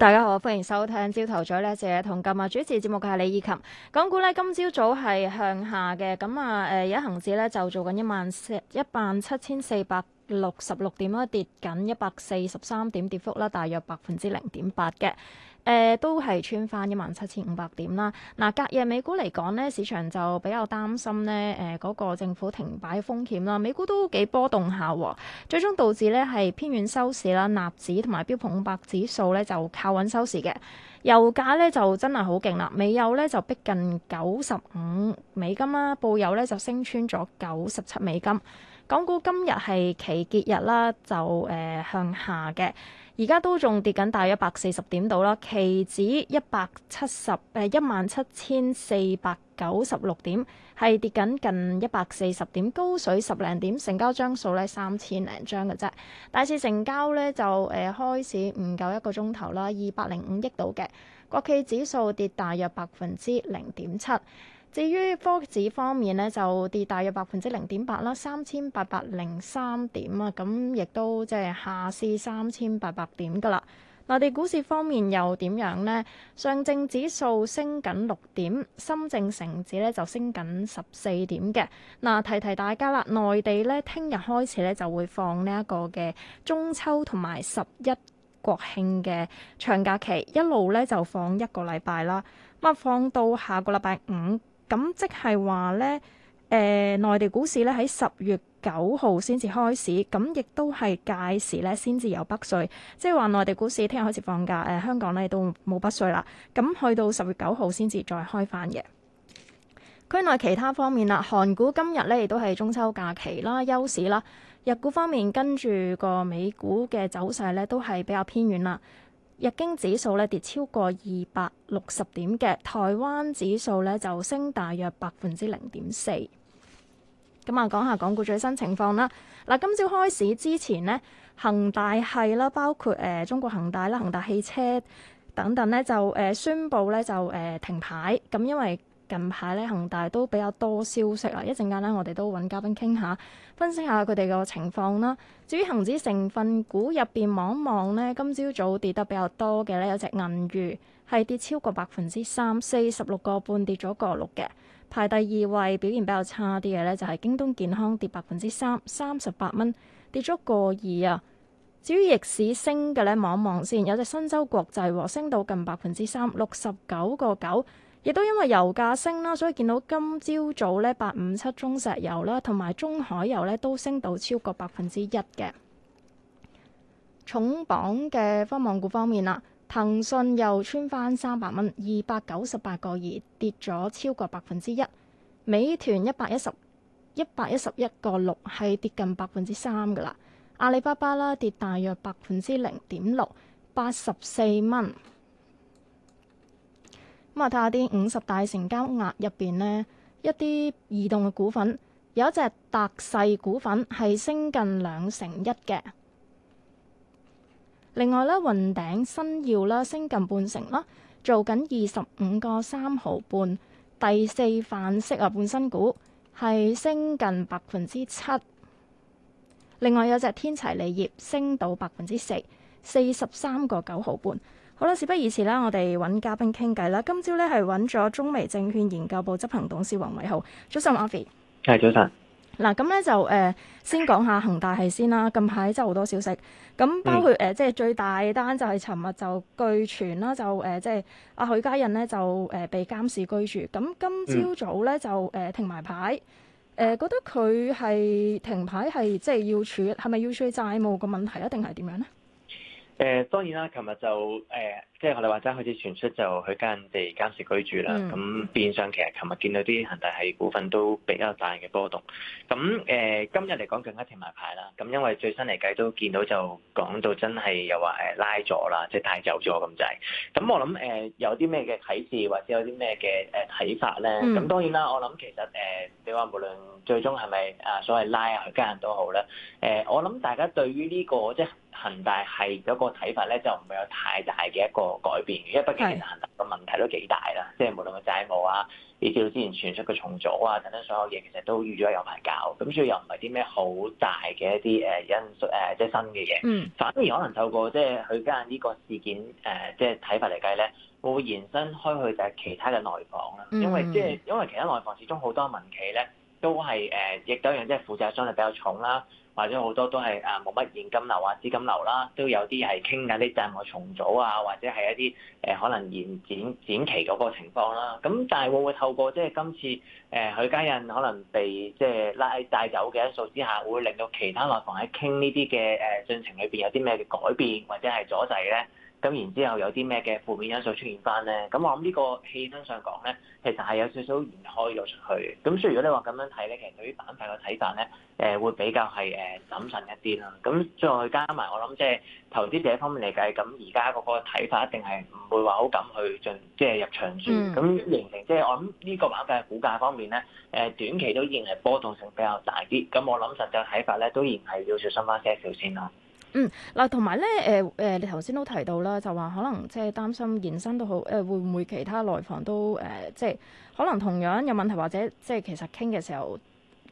大家好，歡迎收聽《朝頭早》咧，謝同今日主持節目嘅係李以琴。港股咧今朝早係向下嘅，咁啊，誒，一恒指咧就做緊一萬四一萬七千四百六十六點啦，跌緊一百四十三點，跌幅啦大約百分之零點八嘅。誒、呃、都係穿返一萬七千五百點啦。嗱、啊，隔夜美股嚟講咧，市場就比較擔心咧，誒、呃、嗰、那個政府停擺風險啦。美股都幾波動下、哦，最終導致咧係偏軟收市啦。納指同埋標普五百指數咧就靠穩收市嘅。油價咧就真係好勁啦，美油咧就逼近九十五美金啦，布油咧就升穿咗九十七美金。港股今日係期結日啦，就誒、呃、向下嘅。而家都仲跌緊，大約一百四十點到啦。期指一百七十，誒、一萬七千四百九十六點，係跌緊近一百四十點，高水十零點。成交張數咧三千零張嘅啫。大市成交咧就誒、呃、開始唔夠一個鐘頭啦，二百零五億度嘅。國企指數跌大約百分之零點七。至於科指方面咧，就跌大約百分之零點八啦，三千八百零三點啊，咁亦都即係下試三千八百點噶啦。內地股市方面又點樣呢？上證指數升緊六點，深證成指咧就升緊十四點嘅。嗱，提提大家啦，內地咧聽日開始咧就會放呢一個嘅中秋同埋十一國慶嘅長假期，一路咧就放一個禮拜啦。咁啊，放到下個禮拜五。咁即係話咧，誒、呃、內地股市咧喺十月九號先至開始，咁亦都係屆時咧先至有北水，即係話內地股市聽日開始放假，誒、呃、香港咧都冇北水啦，咁去到十月九號先至再開返嘅。區內其他方面啦，韓股今日咧亦都係中秋假期啦，休市啦。日股方面跟住個美股嘅走勢咧，都係比較偏軟啦。日經指數咧跌超過二百六十點嘅，台灣指數咧就升大約百分之零點四。咁啊，講下港股最新情況啦。嗱、啊，今朝開市之前咧，恒大系啦，包括誒、呃、中國恒大啦、恒大汽車等等咧，就誒、呃、宣布咧就誒、呃、停牌，咁因為。近排咧恒大都比較多消息啦，一陣間咧我哋都揾嘉賓傾下，分析下佢哋個情況啦。至於恒指成分股入邊望一望呢，今朝早跌得比較多嘅呢，有隻銀娛係跌超過百分之三，四十六個半跌咗個六嘅，排第二位表現比較差啲嘅呢，就係京東健康跌百分之三，三十八蚊跌咗個二啊。至於逆市升嘅呢，望一望先，有隻新洲國際升到近百分之三，六十九個九。亦都因為油價升啦，所以見到今朝早咧，八五七中石油啦，同埋中海油咧，都升到超過百分之一嘅。重磅嘅科網股方面啦，騰訊又穿返三百蚊，二百九十八個二，跌咗超過百分之一。美團一百一十一百一十一個六，係跌近百分之三㗎喇。阿里巴巴啦，跌大約百分之零點六，八十四蚊。我睇下啲五十大成交額入邊呢，一啲移動嘅股份，有一隻特勢股份係升近兩成一嘅。另外咧，雲頂新耀啦，升近半成啦，做緊二十五個三毫半，第四範式啊，半新股係升近百分之七。另外有隻天齊鋰業升到百分之四，四十三個九毫半。好啦，事不宜遲啦，我哋揾嘉賓傾偈啦。今朝咧係揾咗中微證券研究部執行董事王偉豪，早晨，阿 V，早晨上，嗱、啊，咁咧就誒、呃、先講下恒大係先啦。近排真係好多消息，咁包括誒、嗯呃，即係最大單就係尋日就據傳啦，就誒、呃、即係阿、啊、許家印咧就誒、呃、被監視居住。咁今朝早咧就誒、呃、停埋牌。誒、呃、覺得佢係停牌係即係要處，係咪要處債務個問題啊？定係點樣咧？誒當然啦，琴日就誒、呃，即係你話齋開始傳出就去間地監視居住啦。咁、嗯、變相其實琴日見到啲恒大係股份都比較大嘅波動。咁誒、呃、今日嚟講更加停埋牌啦。咁因為最新嚟計都見到就講到真係又話誒拉咗啦，即係帶走咗咁就滯。咁我諗誒、呃、有啲咩嘅啟示或者有啲咩嘅誒睇法咧？咁、嗯、當然啦，我諗其實誒你話無論最終係咪啊所謂拉啊去間都好啦。誒、呃、我諗大家對於呢、呢個即係。恒大系嗰個睇法咧，就唔會有太大嘅一個改變嘅，因為畢竟其實恒大個問題都幾大啦，是即係無論個債務啊，你至到之前傳出嘅重組啊，等等所有嘢，其實都預咗有排搞。咁所以又唔係啲咩好大嘅一啲誒因素誒、呃，即係新嘅嘢。嗯。反而可能透過即係佢今呢個事件誒、呃，即係睇法嚟計咧，會延伸開去就係其他嘅內房啦。因為即係、嗯、因為其他內房始終好多民企咧，都係誒、呃、亦都有一樣，即係負債相對比較重啦。或者好多都係誒冇乜現金流啊、資金流啦，都有啲係傾緊啲債務重組啊，或者係一啲誒可能延展展期嗰個情況啦。咁但係會唔會透過即係今次誒許家印可能被即係拉帶走嘅因素之下，會令到其他內房喺傾呢啲嘅誒進程裏邊有啲咩嘅改變或者係阻滯咧？咁然之後有啲咩嘅負面因素出現翻咧？咁我諗呢個氣氛上講咧，其實係有少少延開咗出去。咁所以如果你話咁樣睇咧，其實對於板塊嘅睇法咧，誒會比較係誒謹慎一啲啦。咁去加埋我諗，即係投資者方面嚟計，咁而家嗰個睇法一定係唔會話好敢去進，即係入場注。咁、嗯、形成即係我諗呢個板塊嘅股價方面咧，誒短期都依然係波動性比較大啲。咁我諗實際睇法咧，都仍然係要小心翻些少先啦。嗯，嗱，同埋咧，誒、呃、誒，你頭先都提到啦，就話可能即係擔心延伸到好，誒、呃，會唔會其他內房都誒、呃，即係可能同樣有問題，或者即係其實傾嘅時候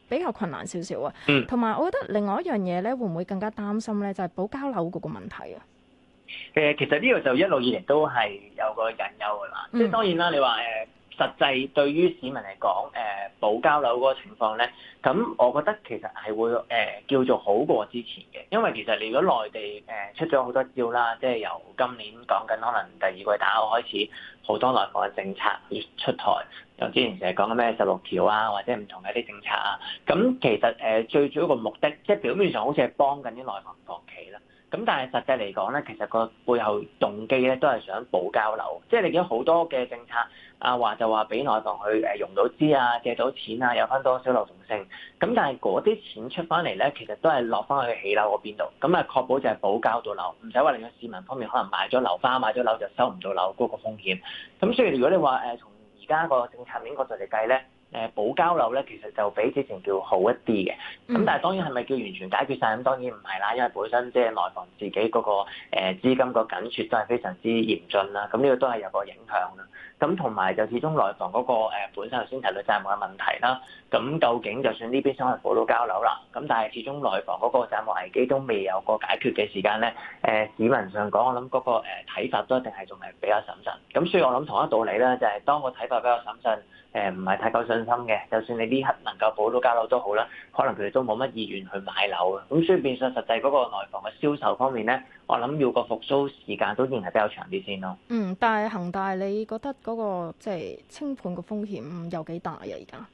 比較困難少少啊。同埋、嗯、我覺得另外一樣嘢咧，會唔會更加擔心咧？就係、是、保交樓嘅問題啊。誒、呃，其實呢個就一路以嚟都係有個隱憂㗎啦。即係、嗯、當然啦，你話誒。呃實際對於市民嚟講，誒、呃、保交樓嗰個情況咧，咁我覺得其實係會誒、呃、叫做好過之前嘅。因為其實你如果內地誒、呃、出咗好多招啦，即係由今年講緊可能第二季打開開始，好多內房嘅政策要出台。由之前成日講緊咩十六條啊，或者唔同嘅一啲政策啊。咁其實誒、呃、最主要個目的，即係表面上好似係幫緊啲內房房企啦，咁但係實際嚟講咧，其實個背後動機咧都係想保交樓，即係你見好多嘅政策。阿話、啊、就話俾內房去誒融到資啊，借到錢啊，有翻多少流動性。咁但係嗰啲錢出翻嚟咧，其實都係落翻去起樓嗰邊度，咁啊確保就係保交到樓，唔使話令到市民方面可能買咗樓花，買咗樓就收唔到樓嗰個風險。咁所以如果你話誒、呃、從而家個政策面角度嚟計咧，誒保交樓咧其實就比之前叫好一啲嘅。咁但係當然係咪叫完全解決晒？咁當然唔係啦，因為本身即係內房自己嗰個誒資金個緊缺都係非常之嚴峻啦。咁呢個都係有個影響啦。咁同埋就始終內房嗰、那個、呃、本身頭先提到債務嘅問題啦，咁究竟就算呢邊想係補到交樓啦，咁但係始終內房嗰個債務危機都未有個解決嘅時間咧，誒、呃、市民上講，我諗嗰、那個睇、呃、法都一定係仲係比較審慎，咁所以我諗同一道理啦，就係、是、當個睇法比較審慎，誒唔係太夠信心嘅，就算你呢刻能夠補到交樓都好啦，可能佢哋都冇乜意願去買樓嘅，咁所以變相實際嗰個內房嘅銷售方面咧。我諗要個復甦時間都仍然係比較長啲先咯。嗯，但係恒大，你覺得嗰、那個即係、就是、清盤嘅風險有幾大呀、啊？而家？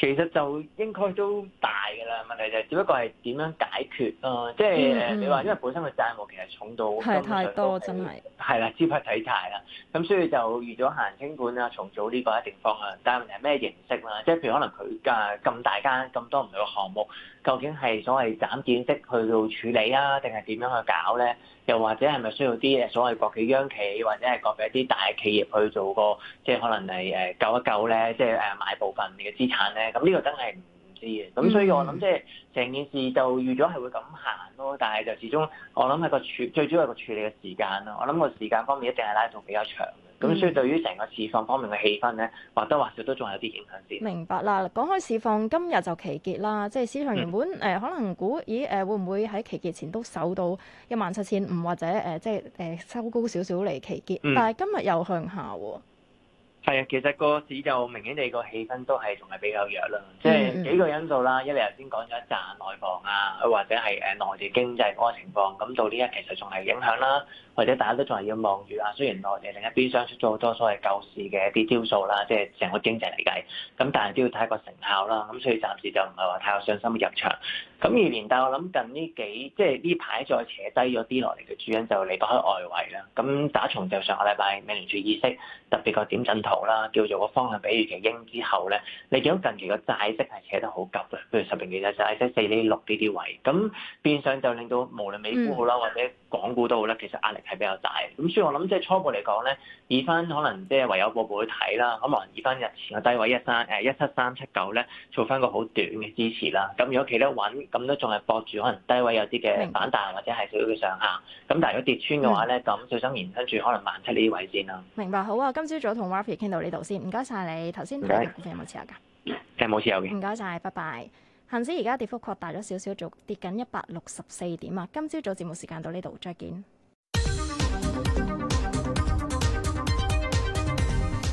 其實就應該都大㗎啦，問題就係只不過係點樣解決咯、呃，即係你話因為本身嘅債務其實重到係、嗯、太多真係，係啦，資、啊、不抵債啦，咁所以就預咗行清盤啊、重組呢個一定方向。但係問題係咩形式啦，即係譬如可能佢嘅咁大間咁多唔同嘅項目，究竟係所謂斬件式去到處理啊，定係點樣去搞咧？又或者係咪需要啲所謂國企央企，或者係個別一啲大企業去做個，即係可能係誒救一救咧，即係誒買部分你嘅資產咧？咁呢個真係唔知嘅。咁所以我諗即係成件事就預咗係會咁行咯，但係就始終我諗係個處最主要係個處理嘅時間咯。我諗個時間方面一定係拉動比較長。咁、嗯、所以對於成個市況方面嘅氣氛咧，或多或少都仲有啲影響先。明白啦，講開市況，今日就期結啦，即係市場原本誒、嗯、可能估，咦誒會唔會喺期結前都守到一萬七千五或者誒、呃、即係誒收高少少嚟期結，但係今日又向下喎。係啊、嗯，其實個市就明顯地個氣氛都係仲係比較弱啦，嗯、即係幾個因素啦，一嚟頭先講咗一紮內房啊，或者係誒內地經濟嗰個情況，咁到呢一其實仲係影響啦。或者大家都仲係要望住啊，雖然內地另一邊想出咗好多所謂救市嘅一啲招數啦，即係成個經濟嚟計，咁但係都要睇個成效啦。咁所以暫時就唔係話太有信心入場。咁二年但我諗近呢幾即係呢排再扯低咗啲落嚟嘅主因，就離不開外圍啦。咁打從就上個禮拜美聯儲議息特別個點陣圖啦，叫做個方向比預期鷹之後咧，你見到近期個債息係扯得好急嘅，譬如十年嘅債息四釐六呢啲位，咁變相就令到無論美股好啦，或者港股都好啦，其實壓力，係比較大，咁所以我諗即係初步嚟講咧，以翻可能即係唯有個報表睇啦。咁可能以翻日前嘅低位 13, 9, 一三誒一七三七九咧，做翻個好短嘅支持啦。咁如果企得穩，咁都仲係博住可能低位有啲嘅反彈或者係少少嘅上下。咁但係如果跌穿嘅話咧，咁小、嗯、想延伸住可能萬七呢啲位先啦。明白好啊，今朝早同 Rafi 傾到呢度先，唔該晒你。頭先睇嘅有冇持有㗎？係冇持有嘅。唔該晒，拜拜。恆指而家跌幅擴大咗少少，做跌緊一百六十四點啊！今朝早節目時間到呢度，再見。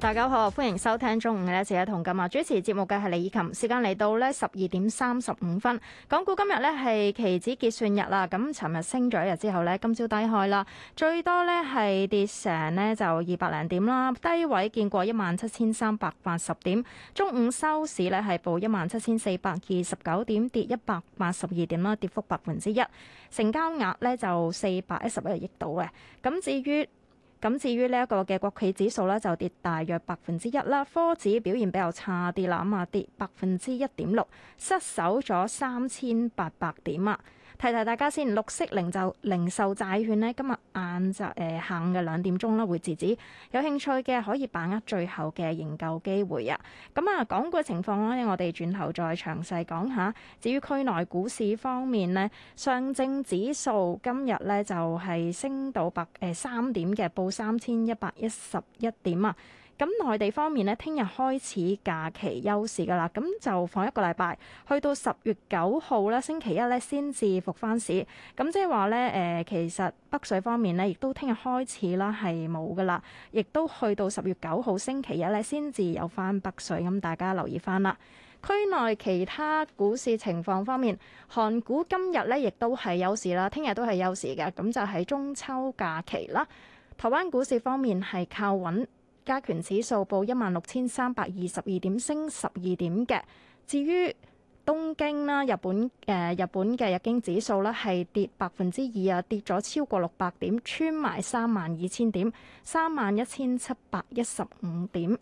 大家好，歡迎收聽中午嘅呢節《一桶金》啊！主持節目嘅係李以琴，時間嚟到呢十二點三十五分。港股今日呢係期指結算日啦，咁尋日升咗一日之後呢，今朝低開啦，最多呢係跌成呢就二百零點啦，低位見過一萬七千三百八十點。中午收市呢係報一萬七千四百二十九點，跌一百八十二點啦，跌幅百分之一。成交額呢就四百一十一億度嘅。咁至於咁至於呢一個嘅國企指數咧，就跌大約百分之一啦。科指表現比較差啲啦，咁跌百分之一點六，失守咗三千八百點啊。提提大家先，綠色零就零售債券咧，今日晏晝誒下午嘅兩點鐘啦，會截止。有興趣嘅可以把握最後嘅營救機會啊！咁啊，港股嘅情況咧，我哋轉頭再詳細講下。至於區內股市方面呢，上證指數今日呢就係升到百誒三點嘅，報三千一百一十一點啊。咁內地方面咧，聽日開始假期休市嘅啦，咁就放一個禮拜，去到十月九號啦。星期一咧先至復翻市。咁即係話咧，誒、呃，其實北水方面咧，亦都聽日開始啦，係冇嘅啦，亦都去到十月九號星期一咧先至有翻北水。咁大家留意翻啦。區內其他股市情況方面，韓股今日咧亦都係休市啦，聽日都係休市嘅，咁就喺中秋假期啦。台灣股市方面係靠穩。加權指數報一萬六千三百二十二點，升十二點嘅。至於東京啦，日本誒、呃，日本嘅日經指數咧係跌百分之二啊，跌咗超過六百點，穿埋三萬二千點，三萬一千七百一十五點。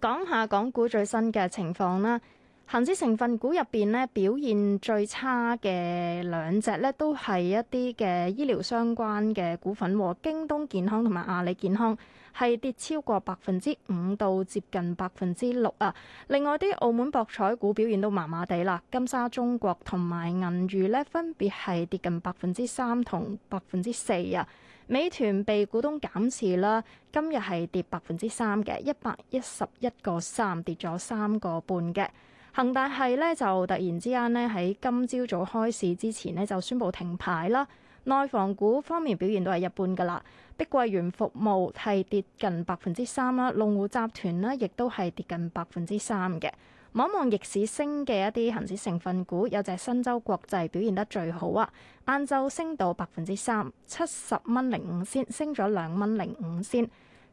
講下港股最新嘅情況啦，恒指成分股入邊呢表現最差嘅兩隻呢都係一啲嘅醫療相關嘅股份，和京東健康同埋阿里健康。係跌超過百分之五到接近百分之六啊！另外啲澳門博彩股表現都麻麻地啦，金沙中國同埋銀娛咧分別係跌近百分之三同百分之四啊！美團被股東減持啦，今日係跌百分之三嘅一百一十一個三，跌咗三個半嘅。恒大係咧就突然之間咧喺今朝早開市之前呢，就宣布停牌啦。內房股方面表現都係一般㗎啦，碧桂園服務係跌近百分之三啦，龍湖集團呢亦都係跌近百分之三嘅。望望逆市升嘅一啲恆指成分股，有隻申洲國際表現得最好啊，晏晝升到百分之三，七十蚊零五仙，升咗兩蚊零五仙。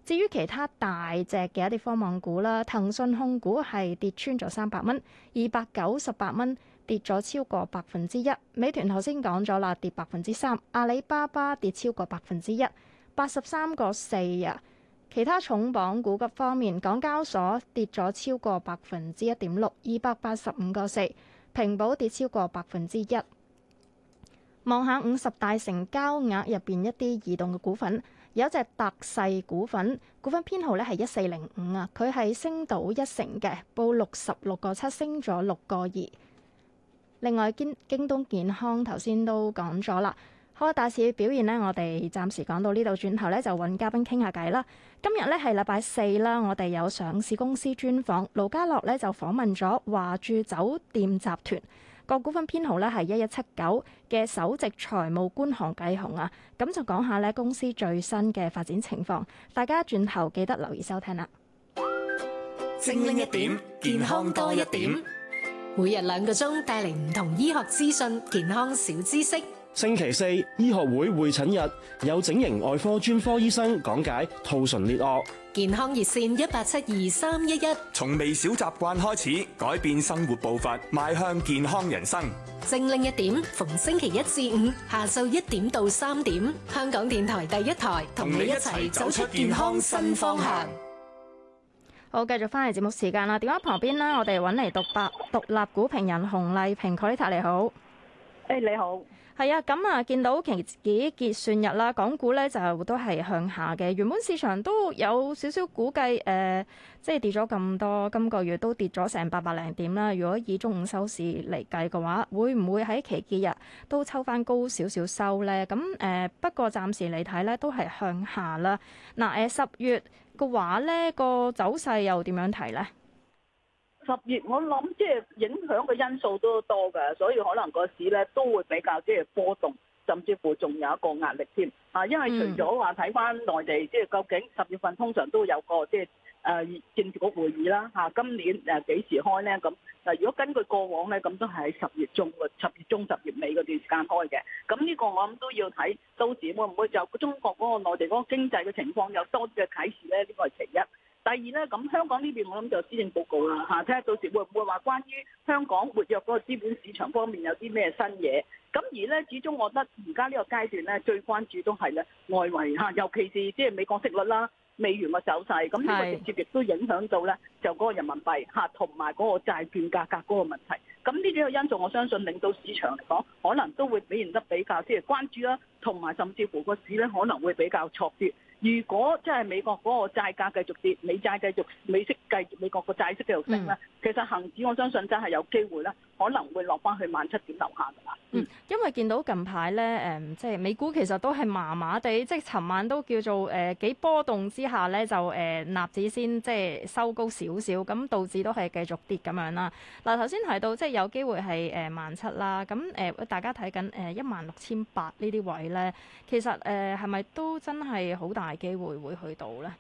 至於其他大隻嘅一啲科網股啦，騰訊控股係跌穿咗三百蚊，二百九十八蚊。跌咗超過百分之一。美團頭先講咗啦，跌百分之三。阿里巴巴跌超過百分之一，八十三個四啊。其他重磅股級方面，港交所跌咗超過百分之一點六，二百八十五個四，平保跌超過百分之一。望下五十大成交額入邊一啲移動嘅股份，有一隻特細股份，股份編號咧係一四零五啊。佢係升到一成嘅，報六十六個七，升咗六個二。另外，京京東健康頭先都講咗啦。好啊，大市表現呢，我哋暫時講到呢度，轉頭呢，就揾嘉賓傾下偈啦。今日呢，係禮拜四啦，我哋有上市公司專訪盧家樂呢，就訪問咗華住酒店集團個股份編號呢，係一一七九嘅首席財務官行繼雄啊。咁就講下呢公司最新嘅發展情況，大家轉頭記得留意收聽啦。正靈一點，健康多一點。每日兩個鐘帶嚟唔同醫學資訊、健康小知識。星期四醫學會會診日，有整形外科專科醫生講解兔唇裂顎。健康熱線一八七二三一一。從微小習慣開始，改變生活步伐，邁向健康人生。精靈一點，逢星期一至五下晝一點到三點，香港電台第一台同你一齊走出健康新方向。好，繼續翻嚟節目時間啦。點解？旁邊呢，我哋揾嚟讀白獨立股評人洪麗平，凱利塔，你好。誒，hey, 你好。係啊，咁啊，見到期指結算日啦，港股咧就都係向下嘅。原本市場都有少少估計，誒、呃，即係跌咗咁多，今個月都跌咗成八百零點啦。如果以中午收市嚟計嘅話，會唔會喺期結日都抽翻高少少收呢？咁誒、呃，不過暫時嚟睇咧都係向下啦。嗱、呃、誒，十月。個話呢個走勢又點樣睇呢？十月我諗即係影響嘅因素都多嘅，所以可能個市呢都會比較即係波動，甚至乎仲有一個壓力添。啊，因為除咗話睇返內地，即係究竟十月份通常都有個即係。誒、啊、政治局個會議啦嚇、啊，今年誒幾、啊、時開呢？咁嗱，如果根據過往呢，咁都係喺十月中十月中十月尾嗰段時間開嘅。咁呢個我諗都要睇到時會唔會就中國嗰個內地嗰個經濟嘅情況有多嘅啟示呢？呢、這個係其一。第二呢，咁香港呢邊我諗就施政報告啦嚇，睇、啊、下到時會唔會話關於香港活躍嗰個資本市場方面有啲咩新嘢。咁而呢，始終我覺得而家呢個階段呢，最關注都係呢外圍嚇、啊，尤其是即係美國息率啦。美元嘅走勢，咁呢個直接亦都影響到咧，就嗰個人民幣吓同埋嗰個債券價格嗰個問題。咁呢幾個因素，我相信令到市場嚟講，可能都會表現得比較即係關注啦，同埋甚至乎個市咧可能會比較挫跌。如果即係美國嗰個債價繼續跌，美債繼續美，美息繼美國個債息繼續升咧，嗯、其實恒指我相信真係有機會啦。可能會落翻去萬七點樓下㗎啦。嗯，因為見到近排咧，誒，即係美股其實都係麻麻地，即係尋晚都叫做誒幾波動之下咧，就誒納指先即係收高少少，咁道指都係繼續跌咁樣啦。嗱，頭先提到即係有機會係誒萬七啦，咁誒大家睇緊誒一萬六千八呢啲位咧，其實誒係咪都真係好大機會會去到咧？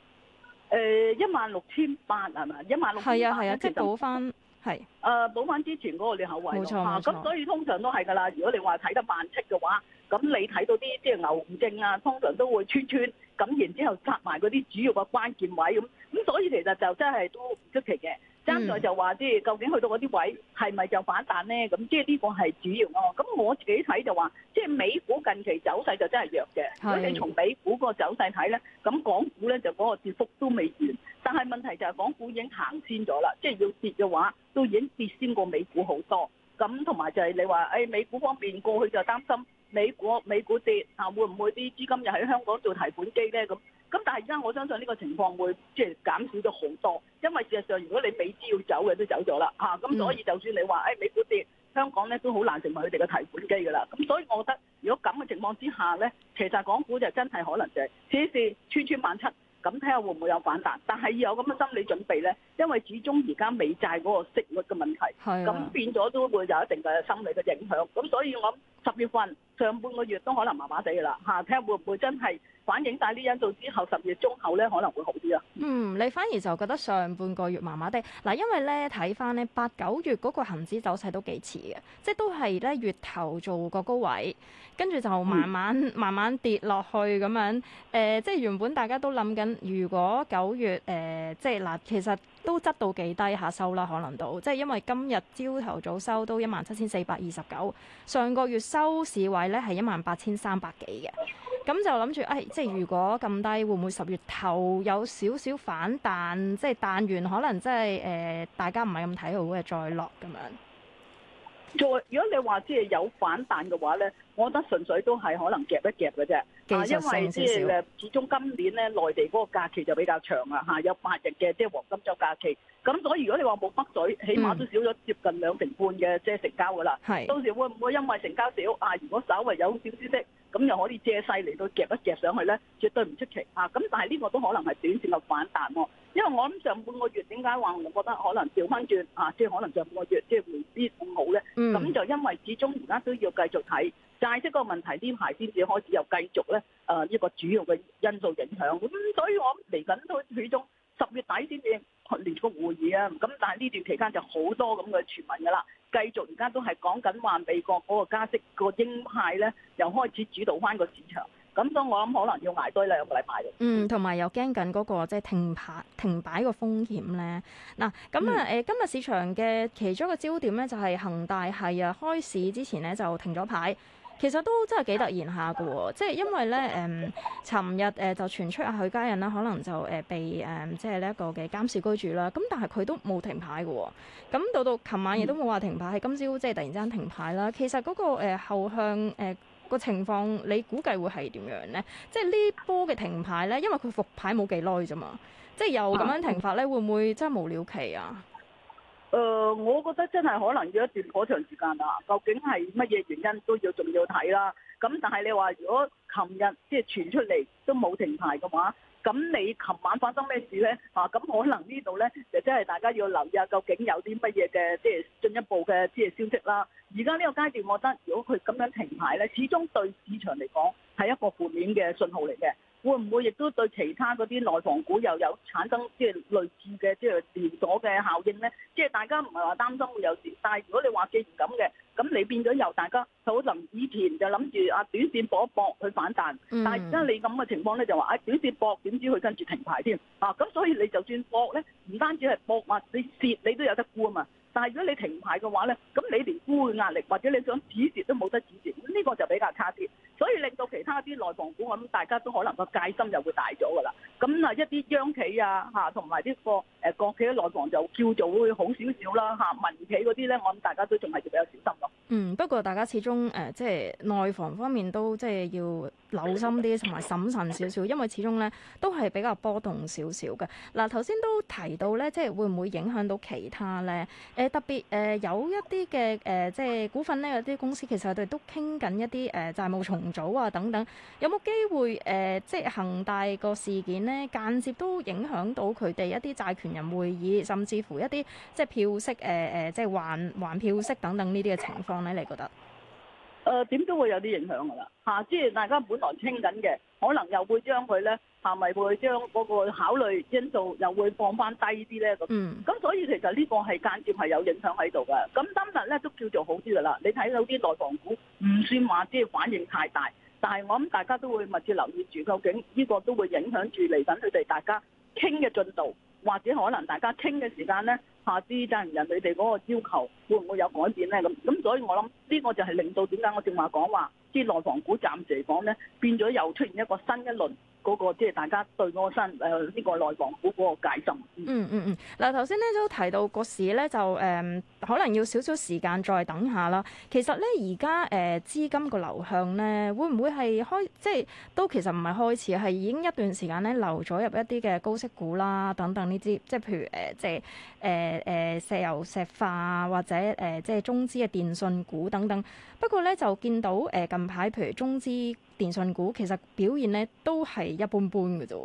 誒一萬六千八係嘛？一萬六係啊係啊，即係到翻。係，誒是，補翻，啊、之前嗰那個裂口位，冇錯咁那錯所以通常都係噶啦。如果你話睇得慢出嘅話，咁你睇到啲即係牛頸啊，通常都會穿穿，咁然之後夾埋嗰啲主要嘅關鍵位咁，咁所以其實就真係都唔出奇嘅。爭在就話，即係究竟去到嗰啲位係咪就反彈咧？咁即係呢個係主要咯。咁我自己睇就話，即係美股近期走勢就真係弱嘅。咁你從美股個走勢睇咧，咁港股咧就嗰個跌幅都未完。但係問題就係港股已經行先咗啦，即係要跌嘅話都已經跌先過美股好多。咁同埋就係你話，誒美股方面過去就擔心美股美股跌啊，會唔會啲資金又喺香港做提款機咧？咁。咁但係而家我相信呢個情況會即係減少咗好多，因為事實上如果你美資要走嘅都走咗啦，嚇、啊、咁所以就算你話誒、哎、美股跌，香港咧都好難成為佢哋嘅提款機㗎啦。咁所以我覺得如果咁嘅情況之下咧，其實港股就真係可能就係只是穿穿萬七，咁睇下會唔會有反彈。但係要有咁嘅心理準備咧，因為始終而家美債嗰個息率嘅問題，係咁的變咗都會有一定嘅心理嘅影響。咁所以我諗十月份上半個月都可能麻麻地㗎啦，嚇睇下會唔會真係。反映晒呢啲因素之後，十月中後咧可能會好啲啦。嗯，你反而就覺得上半個月麻麻地嗱，因為咧睇翻咧八九月嗰個恆指走勢都幾似嘅，即係都係咧月頭做個高位，跟住就慢慢、嗯、慢慢跌落去咁樣。誒、呃，即係原本大家都諗緊，如果九月誒、呃，即係嗱、呃，其實都質到幾低下收啦，可能都即係因為今日朝頭早收都一萬七千四百二十九，上個月收市位咧係一萬八千三百幾嘅。咁就諗住，誒、哎，即係如果咁低，會唔會十月頭有少少反彈？即係彈完，可能即係誒、呃，大家唔係咁睇好嘅，再落咁樣。再如果你話即係有反彈嘅話咧，我覺得純粹都係可能夾一夾嘅啫。啊，因為即係誒，始終今年咧內地嗰個假期就比較長啊，嚇有八日嘅即係黃金週假期。咁所以如果你話冇北水，起碼都少咗接近兩成半嘅即係成交㗎啦。係，到時會唔會因為成交少啊？如果稍為有少少息，咁又可以借勢嚟到夾一夾上去咧，絕對唔出奇啊！咁但係呢個都可能係短線嘅反彈咯。因為我諗上半個月點解話我覺得可能調翻轉啊？即係可能上半個月即係未必咁好咧。嗯。咁就因為始終而家都要繼續睇債息個問題，呢排先至開始又繼續咧。誒一、呃這個主要嘅因素影響，咁、嗯、所以我嚟緊都始終十月底先至聯儲會議啊，咁但係呢段期間就好多咁嘅傳聞㗎啦，繼續而家都係講緊話美國嗰個加息個鷹派咧，又開始主導翻個市場，咁、嗯、所以我諗可能要捱多兩個禮拜。嗯，同埋又驚緊嗰個即係、就是、停牌停擺個風險咧。嗱、啊，咁啊誒，嗯、今日市場嘅其中一個焦點咧就係恒大係啊開市之前咧就停咗牌。其實都真係幾突然下嘅、哦，即係因為咧誒，尋日誒就傳出阿許家印啦，可能就誒被誒、嗯、即係呢一個嘅監視居住啦。咁但係佢都冇停牌嘅、哦，咁到到琴晚亦都冇話停牌，係今朝即係突然之間停牌啦。其實嗰個誒後向誒個情況，你估計會係點樣咧？即係呢波嘅停牌咧，因為佢復牌冇幾耐啫嘛，即係又咁樣停法咧，會唔會真係無了期啊？誒、呃，我覺得真係可能要一段好長時間啦。究竟係乜嘢原因都要仲要睇啦。咁但係你話如果琴日即係傳出嚟都冇停牌嘅話，咁你琴晚發生咩事咧？啊，咁可能呢度咧就真係大家要留意下究竟有啲乜嘢嘅即係進一步嘅即係消息啦。而家呢個階段，我覺得如果佢咁樣停牌咧，始終對市場嚟講係一個負面嘅信號嚟嘅。會唔會亦都對其他嗰啲內房股又有產生即係類似嘅即係連鎖嘅效應咧？即係大家唔係話擔心會有事，但係如果你話既然咁嘅，咁你變咗又大家可能以前就諗住啊短線搏一搏去反彈，但係而家你咁嘅情況咧就話啊短線搏點知佢跟住停牌添啊！咁所以你就算搏咧，唔單止係搏嘛，你蝕你都有得沽啊嘛。但係如果你停牌嘅話咧，咁你連沽嘅壓力或者你想止蝕都冇得止蝕，呢個就比較差啲。可以令到其他啲內房股，我諗大家都可能個戒心就會大咗噶啦。咁啊，一啲央企啊，嚇同埋啲個誒國企嘅內房就叫做會好少少啦嚇，民企嗰啲咧，我諗大家都仲係要比較小心。嗯，不過大家始終誒、呃，即係內房方面都即係要留心啲，同埋審慎少少，因為始終咧都係比較波動少少嘅。嗱、啊，頭先都提到咧，即係會唔會影響到其他咧？誒、呃、特別誒、呃、有一啲嘅誒，即係股份咧，有啲公司其實佢哋都傾緊一啲誒債務重組啊等等。有冇機會誒、呃，即係恒大個事件咧間接都影響到佢哋一啲債權人會議，甚至乎一啲即係票息誒誒、呃，即係還還票息等等呢啲嘅情況？你覺得？誒點、呃、都會有啲影響噶啦，嚇、啊！即係大家本來傾緊嘅，可能又會將佢咧嚇，係咪會將嗰個考慮因素又會放翻低啲咧。嗯。咁所以其實呢個係間接係有影響喺度嘅。咁今日咧都叫做好啲噶啦。你睇到啲內房股唔算話即係反應太大，但係我諗大家都會密切留意住，究竟呢個都會影響住嚟緊佢哋大家傾嘅進度。或者可能大家傾嘅時間咧，下啲但係人你哋嗰個要求會唔會有改變咧？咁咁，所以我諗呢個就係令到點解我正話講話，即係內房股暫時嚟講咧，變咗又出現一個新一輪嗰、那個即係、就是、大家對嗰個新誒呢、呃這個內房股嗰個戒心、嗯。嗯嗯嗯。嗱頭先咧都提到個市咧就誒、呃，可能要少少時間再等下啦。其實咧而家誒資金個流向咧，會唔會係開即係都其實唔係開始，係已經一段時間咧流咗入一啲嘅高息股啦等等。呢啲即係譬如誒，即係誒誒，石油石化或者誒，即、呃、係中資嘅電信股等等。不過咧就見到誒、呃，近排譬如中資電信股，其實表現咧都係一般般嘅啫。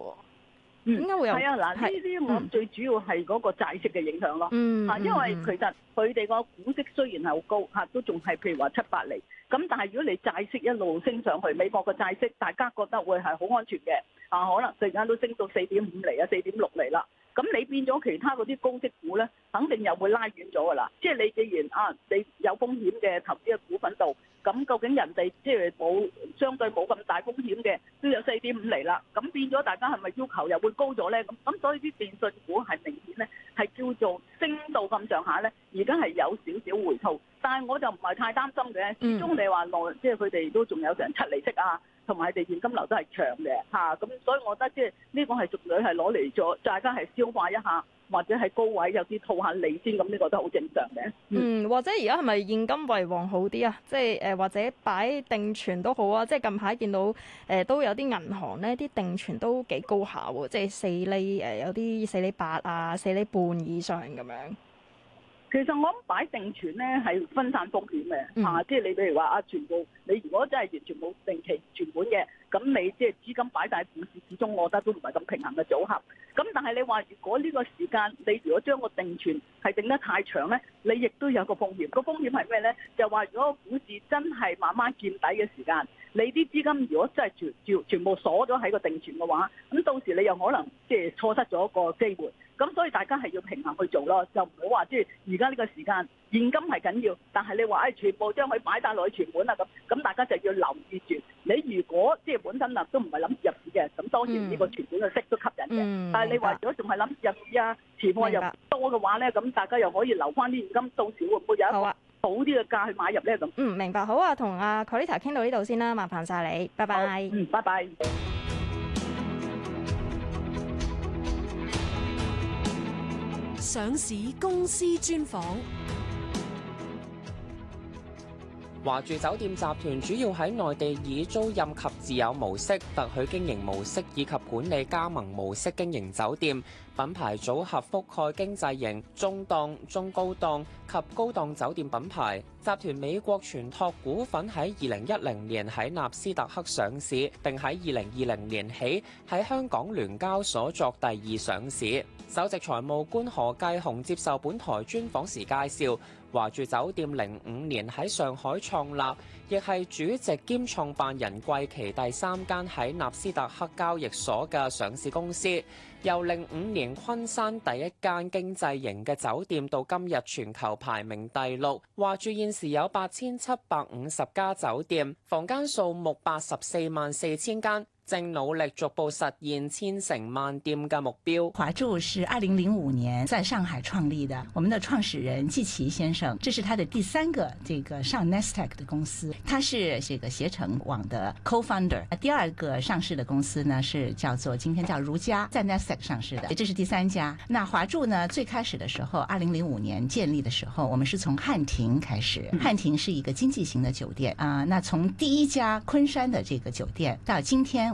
點解、嗯、會有？係啊，嗱，呢啲我諗最主要係嗰個債息嘅影響咯嗯。嗯，啊，因為其實佢哋個股息雖然係好高，吓都仲係譬如話七八厘。咁但係如果你債息一路升上去，美國嘅債息大家覺得會係好安全嘅，啊可能陣間都升到四點五厘啊，四點六厘啦，咁你變咗其他嗰啲高息股咧，肯定又會拉遠咗噶啦，即係你既然啊你有風險嘅投資嘅股份度。咁究竟人哋即係冇相對冇咁大風險嘅，都有四點五厘啦。咁變咗大家係咪要求又會高咗咧？咁咁所以啲電訊股係明顯咧，係叫做升到咁上下咧。而家係有少少回吐，但係我就唔係太擔心嘅。始終你話來，即係佢哋都仲有成七厘息啊，同埋佢哋現金流都係長嘅嚇。咁所以我覺得即係呢個係逐兩係攞嚟做，大家係消化一下。或者喺高位有啲套下利先，咁呢個都好正常嘅。嗯，或者而家係咪現金為王好啲啊？即係誒，或者擺定存都好啊。即係近排見到誒，都有啲銀行咧，啲定存都幾高下喎。即係四厘誒，有啲四厘八啊，四厘半以上咁樣。其實我諗擺定存咧係分散風險嘅，嚇、嗯啊！即係你譬如話啊，全部你如果真係完全冇定期存款嘅。咁你即係資金擺曬股市，始終我覺得都唔係咁平衡嘅組合。咁但係你話，如果呢個時間，你如果將個定存係定得太長咧，你亦都有個風險。個風險係咩咧？就話如果股市真係慢慢見底嘅時間，你啲資金如果真係全全全部鎖咗喺個定存嘅話，咁到時你又可能即係錯失咗個機會。咁所以大家係要平衡去做咯，就唔好話即係而家呢個時間現金係緊要，但係你話唉全部將佢擺曬落去存款啦咁，咁大家就要留意住。你如果即係本身啊都唔係諗入市嘅，咁當然呢個存款嘅息都吸引嘅。嗯。但係你為咗仲係諗入市啊，持貨又多嘅話咧，咁大家又可以留翻啲現金到時啊，會唔會有一個好啲嘅價去買入咧？嗯，明白。好啊，同阿 Kolita 傾到呢度先啦，麻煩曬你，拜拜。嗯，拜拜。上市公司專訪。華住酒店集團主要喺內地以租賃及自有模式、特許經營模式以及管理加盟模式經營酒店，品牌組合覆蓋經濟型、中檔、中高檔及高檔酒店品牌。集團美國全託股份喺二零一零年喺納斯達克上市，並喺二零二零年起喺香港聯交所作第二上市。首席財務官何繼雄接受本台專訪時介紹。華住酒店零五年喺上海創立，亦係主席兼創辦人季琦第三間喺納斯達克交易所嘅上市公司。由零五年昆山第一間經濟型嘅酒店，到今日全球排名第六。華住現時有八千七百五十家酒店，房間數目八十四萬四千間。正努力逐步實現千城萬店的目標。華住是二零零五年在上海創立的，我們的創始人季琦先生，這是他的第三個這個上納斯達克的公司，他是這個攜程網的 co-founder，第二個上市的公司呢是叫做今天叫如家，在納斯達克上市的，這是第三家。那華住呢最開始的時候，二零零五年建立的時候，我們是從漢庭開始，漢庭是一個經濟型的酒店啊、呃，那從第一家昆山的這個酒店到今天。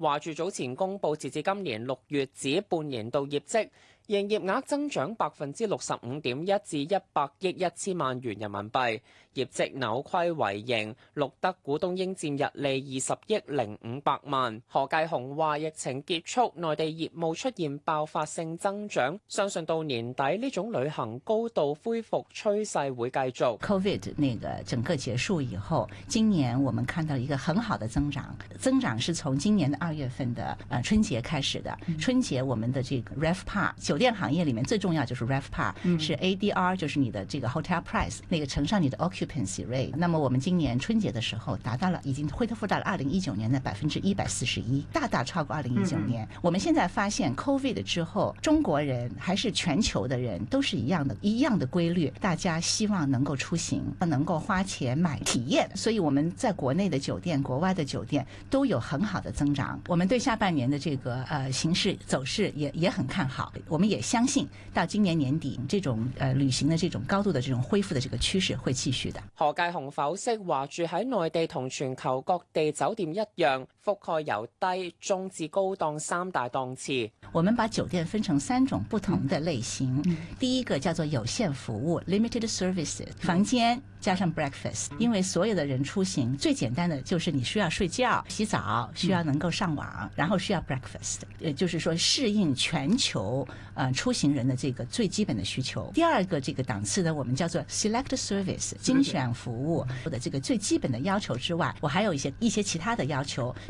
華住早前公佈截至今年六月止半年度業績，營業額增長百分之六十五點一至一百億一千萬元人民幣。業績扭虧為盈，錄得股東應佔溢利二十億零五百萬。何繼雄話疫情結束，內地業務出現爆發性增長，相信到年底呢種旅行高度恢復趨勢會繼續。COVID 那個整個結束以後，今年我們看到一個很好的增長，增長是從今年的二月份的呃春節開始的。Mm hmm. 春節我們的這個 RevPAR 酒店行業裏面最重要就是 RevPAR，mm hmm. 是 ADR，就是你的這個 hotel price，那個乘上你的 occup。Pen Series，那麼我們今年春節的時候達到了已經恢復到了二零一九年的百分之一百四十一，大大超過二零一九年。我們現在發現 Covid 之後，中國人還是全球的人都是一樣的，一樣的規律。大家希望能夠出行，能夠花錢買體驗，所以我們在國內的酒店、國外的酒店都有很好的增長。我們對下半年的這個呃形勢走勢也也很看好，我們也相信到今年年底這種呃旅行的這種高度的這種恢復的這個趨勢會繼續。何介雄否釋話住喺內地同全球各地酒店一樣。覆蓋由低中至高檔三大檔次。我們把酒店分成三種不同的類型。第一個叫做有限服務 （limited services），房間加上 breakfast。因為所有的人出行最簡單的就是你需要睡覺、洗澡，需要能夠上網，然後需要 breakfast。也就是說適應全球呃出行人的這個最基本的需求。第二個這個檔次呢，我們叫做 select service 精選服務。的這個最基本的要求之外，我還有一些一些其他的要求。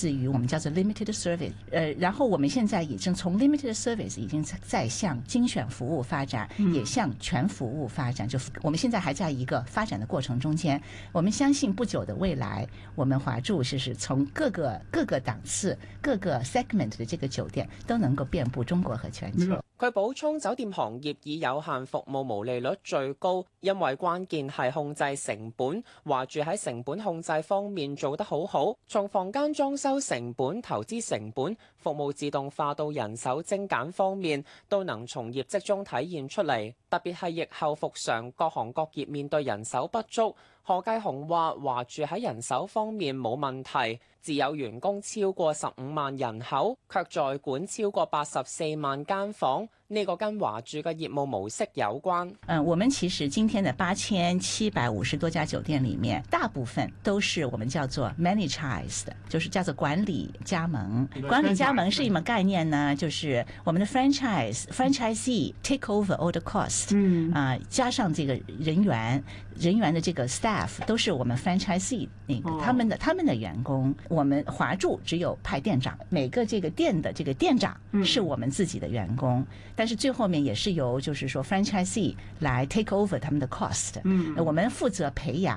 至於我們叫做 limited service，呃，然後我們現在已經從 limited service 已經在向精選服務發展，也向全服務發展。嗯、就我們現在還在一個發展的過程中間，我們相信不久的未來，我們華住就是從各個各個檔次、各個 segment 的這個酒店，都能夠遍布中國和全球。嗯佢補充，酒店行業以有限服務毛利率最高，因為關鍵係控制成本。華住喺成本控制方面做得好好，從房間裝修成本、投資成本、服務自動化到人手精簡方面，都能從業績中體現出嚟。特別係疫後復常，各行各業面對人手不足，何佳雄話華住喺人手方面冇問題。自有員工超過十五萬人口，卻在管超過八十四萬間房。呢個跟華住嘅業務模式有關。嗯、呃，我們其實今天的八千七百五十多家酒店裏面，大部分都是我們叫做 managed，i 就是叫做管理加盟。管理加盟是一門概念呢，就是我們的 franchise，franchisee take over all the cost。嗯。啊、呃，加上這個人員，人員的這個 staff 都是我們 franchisee 那個、哦、他們的他們的員工。我們華住只有派店長，每個這個店的這個店長是我們自己的員工。但是最後面也是由，就是說，franchisee 來 take over 他們的 cost，嗯，我們負責培養。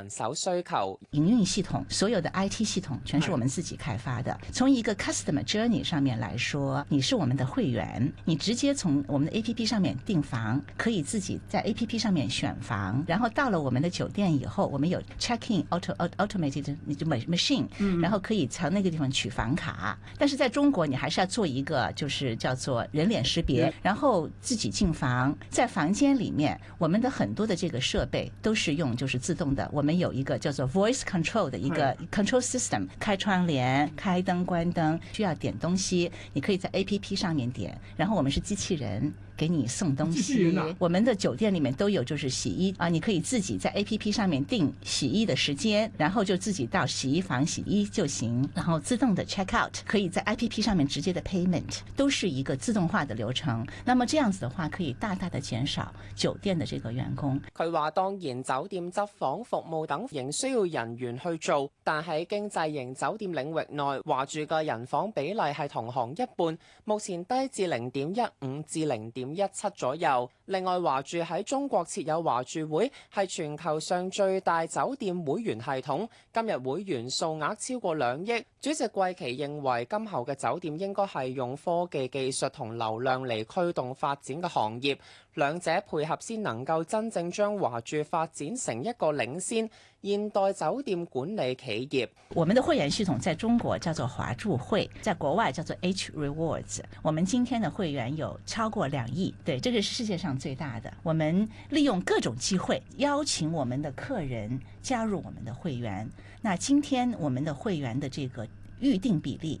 人手需求，營運系統，所有的 IT 系統全是我們自己開發的。從一個 customer journey 上面來說，你是我們的會員，你直接從我們的 APP 上面訂房，可以自己在 APP 上面選房，然後到了我們的酒店以後，我們有 check-in auto automated machine，然後可以從那個地方取房卡。但是在中國，你還是要做一個，就是叫做人臉識別，然後自己進房，在房間裏面，我們的很多的這個設備都是用就是自動的，我們。我們有一個叫做 Voice Control 的一個 Control System，開窗簾、開燈、關燈，需要點東西，你可以在 APP 上面點，然後我們是機器人，給你送東西，啊、我們的酒店裏面都有，就是洗衣啊，你可以自己在 A P P 上面訂洗衣的時間，然後就自己到洗衣房洗衣就行，然後自動的 check out，可以在 A P P 上面直接的 payment，都是一個自動化的流程。那麼這樣子的話，可以大大的減少酒店的這個員工。佢話，當然酒店執房服務等仍需要人員去做，但喺經濟型酒店領域內，華住嘅人房比例係同行一半，目前低至零點一五至零點。一七左右。另外，華住喺中國設有華住會，係全球上最大酒店會員系統。今日會員數額超過兩億。主席季琦認為，今後嘅酒店應該係用科技技術同流量嚟驅動發展嘅行業，兩者配合先能夠真正將華住發展成一個領先。現代酒店管理企業，我們的會員系統在中國叫做華住會，在國外叫做 H Rewards。我們今天的會員有超過兩億，對，這個是世界上最大的。我們利用各種機會邀請我們的客人加入我們的會員，那今天我們的會員的這個預定比例。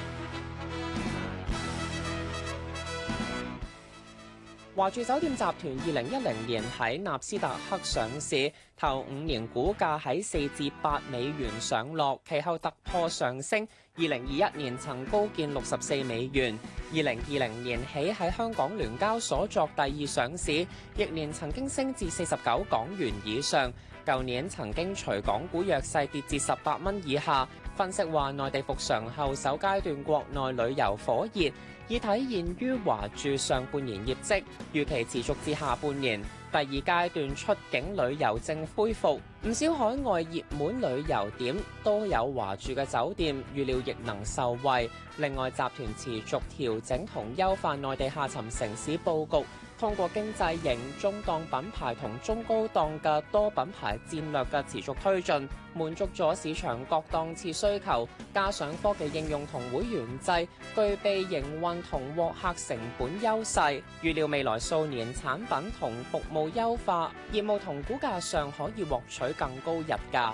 華住酒店集團二零一零年喺納斯達克上市。後五年股價喺四至八美元上落，其後突破上升。二零二一年曾高見六十四美元，二零二零年起喺香港聯交所作第二上市，翌年曾經升至四十九港元以上。舊年曾經隨港股弱勢跌至十八蚊以下。分析話，內地復常後首階段國內旅遊火熱，已體現於華住上半年業績，預期持續至下半年。第二階段出境旅遊正恢復，唔少海外熱門旅遊點多有華住嘅酒店，預料亦能受惠。另外，集團持續調整同優化內地下沉城市佈局。通過經濟型中檔品牌同中高檔嘅多品牌戰略嘅持續推進，滿足咗市場各檔次需求。加上科技應用同會員制，具備營運同獲客成本優勢。預料未來數年產品同服務優化，業務同股價上可以獲取更高溢價。